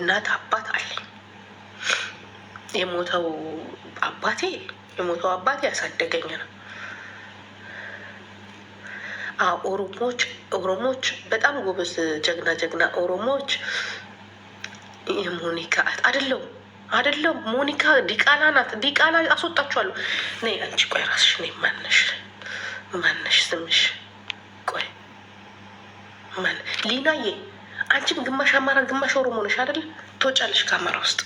እናት አባት አለኝ። የሞተው አባቴ የሞተው አባቴ ያሳደገኝ ነው። ኦሮሞች ኦሮሞች በጣም ጎበዝ ጀግና ጀግና ኦሮሞች የሞኒካ አደለው አደለው ሞኒካ ዲቃላ ናት። ዲቃላ አስወጣችኋሉ። ነይ አንቺ ቆይ ራስሽ ነይ። ማነሽ ማነሽ ስምሽ? ቆይ ማን ሊናዬ አንቺም ግማሽ አማራ ግማሽ ኦሮሞ ነሽ አይደለ? ትወጫለሽ ከአማራ ውስጥ።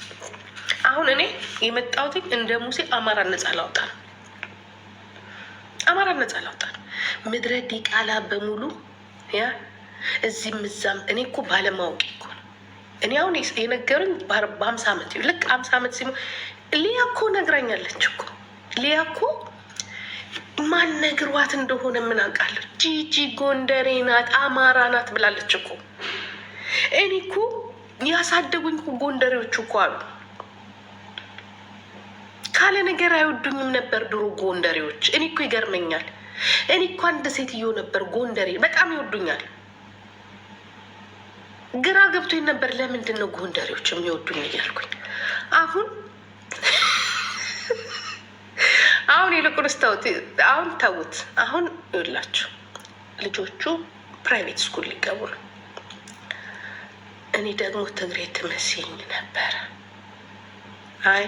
አሁን እኔ የመጣሁትኝ እንደ ሙሴ አማራ ነጻ ላውጣ አማራ ነጻ ላውጣ ምድረ ዲቃላ በሙሉ ያ እዚህም እዛም። እኔ እኮ ባለማወቅ እኮ እኔ አሁን የነገሩኝ በአምሳ ዓመት ልክ አምሳ ዓመት ሲሞ ሊያ እኮ ነግራኛለች እኮ ሊያ እኮ ማን ነግሯት እንደሆነ ምን አውቃለሁ። ጂጂ ጎንደሬ ናት አማራ ናት ብላለች እኮ እኔ እኮ ያሳደጉኝ እኮ እኮ አሉ ካለ ነገር አይወዱኝም ነበር ድሮ ጎንደሬዎች። እኔ እኮ ይገርመኛል። እኔ እኮ አንድ ሴትዮ ነበር ጎንደሬ፣ በጣም ይወዱኛል። ግራ ገብቶኝ ነበር ለምንድን ነው ጎንደሬዎች የሚወዱኝ እያልኩኝ አሁን አሁን ይልቁንስ ተውት። አሁን ተውት። አሁን ይውላችሁ ልጆቹ ፕራይቬት ስኩል ሊገቡ ነው። እኔ ደግሞ ትግሬ ትመስኝ ነበረ። አይ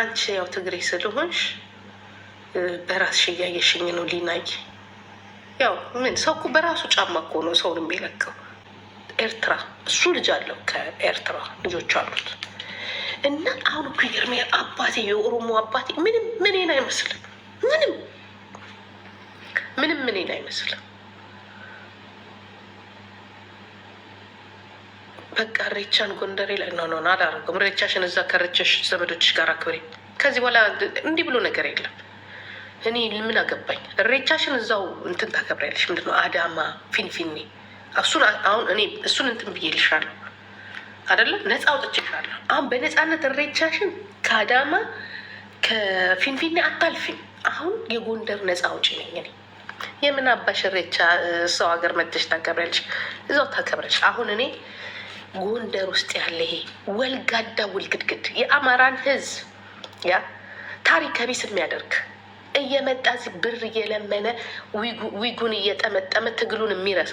አንቺ ያው ትግሬ ስለሆንሽ በራስሽ እያየሽኝ ነው ሊናይ። ያው ምን ሰው እኮ በራሱ ጫማ እኮ ነው ሰውን የሚለቀው። ኤርትራ እሱ ልጅ አለው ከኤርትራ ልጆች አሉት። እና አሁን እኮ ኤርሚያ አባቴ የኦሮሞ አባቴ ምንም ምኔን አይመስልም። ምንም ምንም ምኔን አይመስልም። በቃ ሬቻን ጎንደሬ ላይ ነው ነሆን አላረገም። ሬቻሽን እዛ ከሬቻሽ ዘመዶችሽ ጋር አክብሬ ከዚህ በኋላ እንዲህ ብሎ ነገር የለም። እኔ ምን አገባኝ? ሬቻሽን እዛው እንትን ታከብሪያለሽ። ምንድነው አዳማ ፊንፊኔ፣ እሱን አሁን እኔ እሱን እንትን ብዬልሻለሁ አደለ? ነፃ አውጥቼሻለሁ። አሁን በነፃነት ሬቻሽን ከአዳማ ከፊንፊኔ አታልፊም አሁን የጎንደር ነፃ አውጪ ነኝ እኔ። የምን አባሽ እሬቻ ሰው ሀገር መጥተሽ ታከብሪያለሽ? እዛው ታከብሪያለሽ። አሁን እኔ ጎንደር ውስጥ ያለ ይሄ ወልጋዳ ውልግድግድ የአማራን ህዝብ ያ ታሪክ ቢስ የሚያደርግ እየመጣ እዚህ ብር እየለመነ ዊጉን እየጠመጠመ ትግሉን የሚረሳ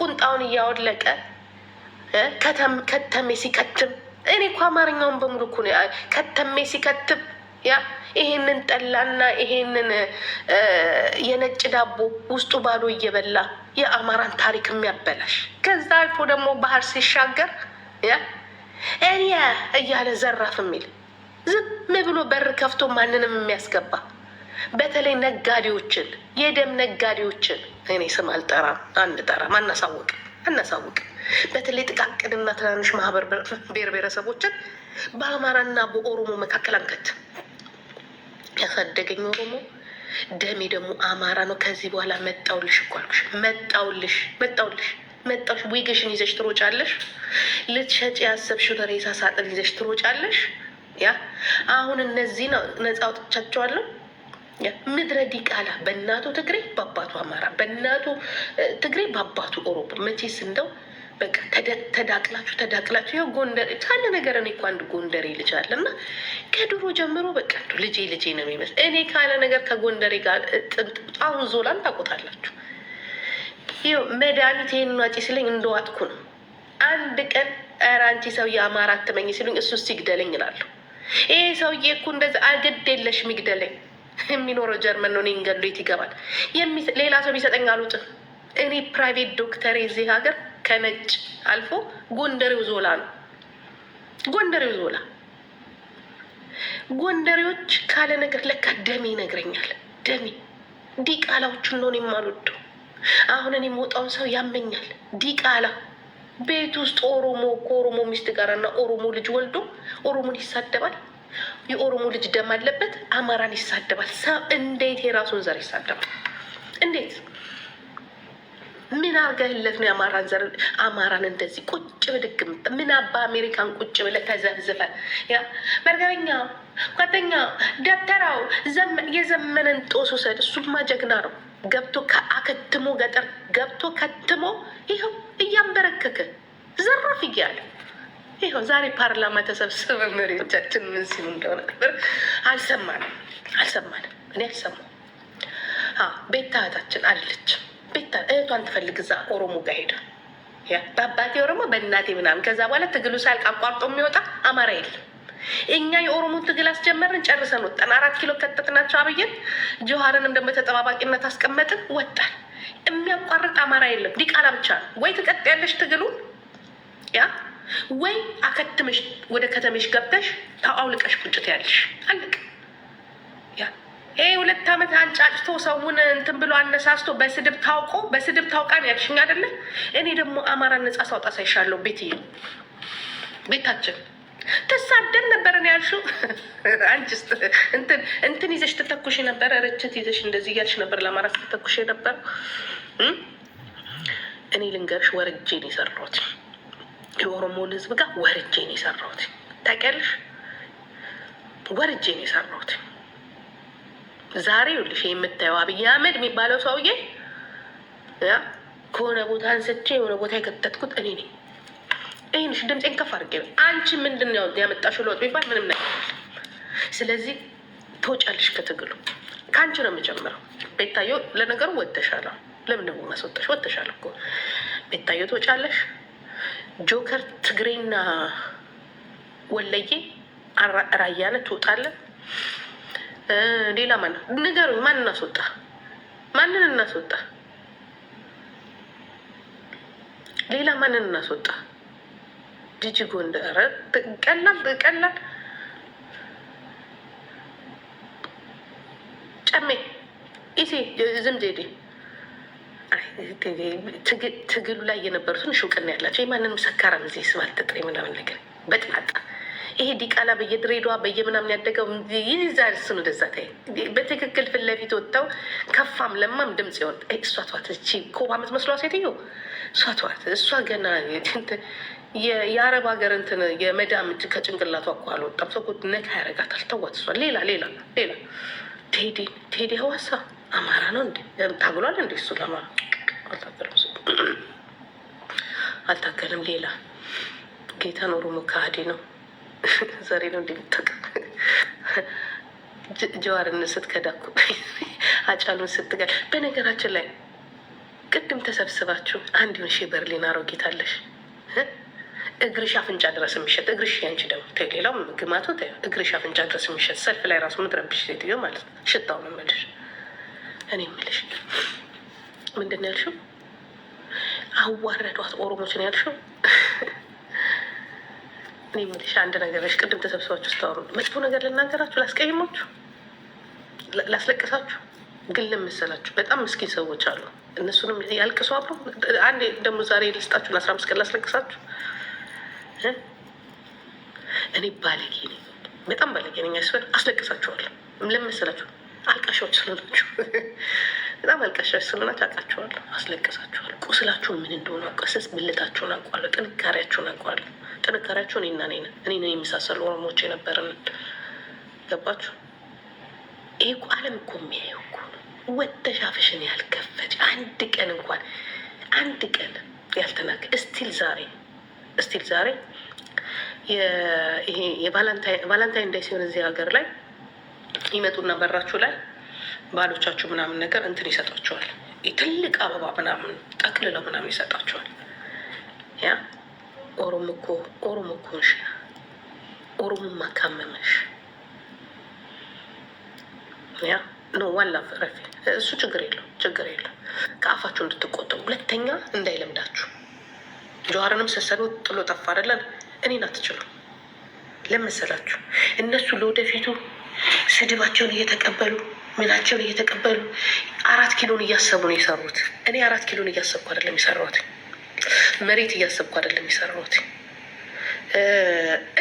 ቁንጣውን እያወለቀ ከተሜ ሲከትም እኔ እኮ አማርኛውን በሙሉ እኮ ከተሜ ሲከትም ያ ይሄንን ጠላና ይሄንን የነጭ ዳቦ ውስጡ ባዶ እየበላ የአማራን ታሪክ የሚያበላሽ ከዛ አልፎ ደግሞ ባህር ሲሻገር ያ እኔ እያለ ዘራፍ የሚል ዝም ብሎ በር ከፍቶ ማንንም የሚያስገባ በተለይ ነጋዴዎችን የደም ነጋዴዎችን እኔ ስም አልጠራም፣ አንጠራም፣ አናሳውቅም፣ አናሳውቅም። በተለይ ጥቃቅንና ትናንሽ ማህበር ብሔር ብሔረሰቦችን በአማራና በኦሮሞ መካከል አንከትም። ያሳደገኝ ኦሮሞ ደሜ ደግሞ አማራ ነው። ከዚህ በኋላ መጣውልሽ እኮ አልኩሽ። መጣውልሽ መጣውልሽ መጣሽ ዊግሽን ይዘሽ ትሮጫለሽ። ልትሸጪ ያሰብሽውን ሬሳ ሳጥን ይዘሽ ትሮጫለሽ። ያ አሁን እነዚህ ነው ነፃ አውጥቻቸዋለሁ። ምድረ ዲቃላ በእናቱ ትግሬ በአባቱ አማራ፣ በእናቱ ትግሬ በአባቱ ኦሮሞ መቼስ እንደው በቃ ተዳቅላችሁ ተዳቅላችሁ ይኸው ጎንደር ቻለ ነገር። እኔ እኮ አንድ ጎንደሬ ልጅ አለ እና ከድሮ ጀምሮ በቃ እንደው ልጄ ልጄ ነው የሚመስል እኔ ካለ ነገር ከጎንደሬ ጋር አሁን ዞላን ታውቁታላችሁ። ይኸው መድኃኒት ይሄንን ዋጪ ሲለኝ እንደዋጥኩ ነው። አንድ ቀን ኧረ አንቺ ሰውዬ አማራ አትመኝ ሲሉኝ እሱ ሲግደለኝ እላለሁ። ይሄ ሰውዬ እኮ እንደዚያ አግድ የለሽ ሚግደለኝ የሚኖረው ጀርመን ነው። እኔን ገድሎ የት ይገባል? ሌላ ሰው ቢሰጠኝ አልውጥም። እኔ ፕራይቬት ዶክተር የዚህ ሀገር ከነጭ አልፎ ጎንደሬው ዞላ ነው። ጎንደሬው ዞላ ጎንደሬዎች ካለ ነገር ለካ ደሜ ይነግረኛል። ደሜ ዲቃላዎቹን ነው የማልወዱ። አሁን እኔ የምወጣውን ሰው ያመኛል። ዲቃላ ቤት ውስጥ ኦሮሞ ከኦሮሞ ሚስት ጋርና ኦሮሞ ልጅ ወልዶ ኦሮሞን ይሳደባል። የኦሮሞ ልጅ ደም አለበት፣ አማራን ይሳደባል። ሰው እንዴት የራሱን ዘር ይሳደባል? እንዴት ምን አርገህለት ነው የአማራን ዘር አማራን እንደዚህ ቁጭ ብድግ? ምን አባ አሜሪካን ቁጭ ብለ ተዘብዝፈ ያ መርገበኛ ጓደኛ ደብተራው የዘመነን ጦስ ውሰድ። እሱማ ጀግና ነው። ገብቶ ከአከትሞ ገጠር ገብቶ ከትሞ ይኸው እያንበረከከ ዘራፍ እያለ ይኸው ዛሬ ፓርላማ ተሰብስበ መሪዎቻችን ምን ሲሉ እንደሆነ ነበር አልሰማንም፣ አልሰማንም። እኔ አልሰማሁም። ቤት ታህታችን አለች ቤታ እህቷን ትፈልግ እዛ ኦሮሞ ጋር ሄዳ በአባቴ ኦሮሞ በእናቴ ምናምን። ከዛ በኋላ ትግሉ ሳያልቅ አቋርጦ የሚወጣ አማራ የለም። እኛ የኦሮሞን ትግል አስጀመርን፣ ጨርሰን ወጣን። አራት ኪሎ ከተትናቸው አብይን፣ ጆሀርንም ደግሞ ተጠባባቂነት አስቀመጥን፣ ወጣን። የሚያቋርጥ አማራ የለም። ዲቃላ ብቻ ነው። ወይ ትቀጥያለሽ ትግሉን ያ ወይ አከትምሽ ወደ ከተሜሽ ገብተሽ አውልቀሽ ቁጭት ያለሽ አለቅ ያ ይሄ ሁለት ዓመት አንጫጭቶ ሰውን እንትን ብሎ አነሳስቶ በስድብ ታውቆ በስድብ ታውቃን ነው ያልሽኝ አይደለ? እኔ ደግሞ አማራ ነጻ ሳውጣ ሳይሻለሁ ቤት ቤታችን ትሳደብ ነበር ነው ያልሽው። አንቺስ እንትን እንትን ይዘሽ ትተኩሽ ነበረ፣ ርችት ይዘሽ እንደዚህ እያልሽ ነበር ለአማራ ስትተኩሽ ነበር። እኔ ልንገርሽ ወርጄን የሰራሁት የኦሮሞን ህዝብ ጋር ወርጄን የሰራሁት ታውቂያለሽ፣ ወርጄን የሰራሁት ዛሬ ልሽ የምታየው አብይ አህመድ የሚባለው ሰውዬ ከሆነ ቦታ አንስቼ የሆነ ቦታ የከተትኩት እኔ ነኝ። ይህንሽ ድምፄን ከፍ አድርጌ አንቺ ምንድን ነው ያመጣሽው ለውጥ ቢባል ምንም ነገር። ስለዚህ ትወጫለሽ ከትግሉ። ከአንቺ ነው የምጀምረው። ቤታየው ለነገሩ ወተሻለ። ለምን ደግሞ ማስወጣሽ? ወተሻለ እኮ ቤታየው። ትወጫለሽ። ጆከር ትግሬና ወለዬ ራያነ ትወጣለን። ሌላ ማን ንገሩ? ማን እናስወጣ? ማንን እናስወጣ? ሌላ ማንን እናስወጣ? ጂጂ ጎንደር ቀላል ቀላል ጨሜ ኢሴ ዝምዜዴ ትግሉ ላይ የነበሩትን እውቅና ያላቸው የማንንም ሰካራም ዜ ስባል ተጥሬ ምናምን ነገር በጥማጣ ይሄ ዲቃላ በየድሬዷ በየምናምን ያደገው ይዛል። እሱን ወደዛ ታይ በትክክል ፊት ለፊት ወጥተው ከፋም ለማም ድምፅ ይሆን እሷ ተዋት። እቺ ኮባ የምትመስሏ ሴትዮ እሷ ተዋት። እሷ ገና የአረብ ሀገር እንትን የመዳም እጅ ከጭንቅላቷ እኮ አልወጣም። ሰው ነካ ያደርጋታል። ተዋት እሷ ሌላ ሌላ ሌላ ቴዲ ቴዲ ሀዋሳ አማራ ነው እንዴ ታብሏል እንዴ? እሱ ለአማራ አልታገለም። ሌላ ጌታን ኦሮሞ ከሃዲ ነው። ዛሬ ነው እንደሚታወቅ ጀዋርን ስትከዳኩ አጫሉን ስትገል። በነገራችን ላይ ቅድም ተሰብስባችሁ አንድ ሆንሽ የበርሊን አሮጊት አለሽ እግርሽ አፍንጫ ድረስ የሚሸጥ እግርሽ ያንቺ ደግሞ ሌላው ግማቱ እግርሽ አፍንጫ ድረስ የሚሸጥ ሰልፍ ላይ ራሱ ምትረብሽ ሴትዮ ማለት ነው። ሽታው ነው የምልሽ እኔ የምልሽ ምንድን ነው ያልሽው? አዋረዷት ኦሮሞችን ያልሽው ሞቴሽ አንድ ነገር ነሽ። ቅድም ተሰብስባችሁ ስታወሩ መጥፎ ነገር ልናገራችሁ፣ ላስቀይማችሁ፣ ላስለቅሳችሁ ግን ለምሰላችሁ በጣም ምስኪን ሰዎች አሉ። እነሱንም ያልቅሱ አብሮ አንድ ደግሞ ዛሬ ልስጣችሁ ለአስራ አምስት ቀን ላስለቅሳችሁ። እኔ ባለጌ ነኝ፣ በጣም ባለጌ ነኝ። ያስፈር አስለቅሳችኋለሁ። ለምሰላችሁ አልቃሻዎች ስለሆናችሁ በጣም አልቃሻዎች ስለሆናችሁ አውቃችኋለሁ፣ አስለቅሳችኋለሁ። ቁስላችሁ ምን እንደሆነ አውቃለሁ፣ ብልታችሁን አውቃለሁ፣ ጥንካሬያችሁን አውቃለሁ። ጥንካሬያቸው እኔና ነኝ እኔ የሚሳሰሉ ኦሮሞዎች የነበርን ገባችሁ። ይህ እኮ አለም እኮ የሚያየው እኮ ወተሽ አፍሽን ያልከፈች አንድ ቀን እንኳን አንድ ቀን ያልተናገ እስቲል ዛሬ እስቲል ዛሬ የቫላንታይን ዳይ ሲሆን እዚህ ሀገር ላይ ይመጡና በራችሁ ላይ ባሎቻችሁ ምናምን ነገር እንትን ይሰጣችኋል። ትልቅ አበባ ምናምን ጠቅልለው ምናምን ይሰጣችኋል ያ ኦሮሞ እኮ ኦሮሞ እኮ ነሽ። ኦሮሞማ ካመመሽ ያ ነው ዋላ ረፊ እሱ ችግር የለው ችግር የለው። ከአፋችሁ እንድትቆጠቡ ሁለተኛ እንዳይለምዳችሁ። ጀዋርንም ሰሰዶ ጥሎ ጠፋ አይደለን። እኔን አትችሉ ለመሰላችሁ እነሱ ለወደፊቱ ስድባቸውን እየተቀበሉ ምናቸውን እየተቀበሉ አራት ኪሎን እያሰቡ ነው የሰሩት። እኔ አራት ኪሎን እያሰብኩ አይደለም የሰራሁት። መሬት እያሰብኩ አይደለም የሰራሁት።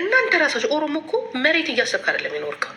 እናንተ ራሳችሁ ኦሮሞ እኮ መሬት እያሰብክ አይደለም የኖርከው።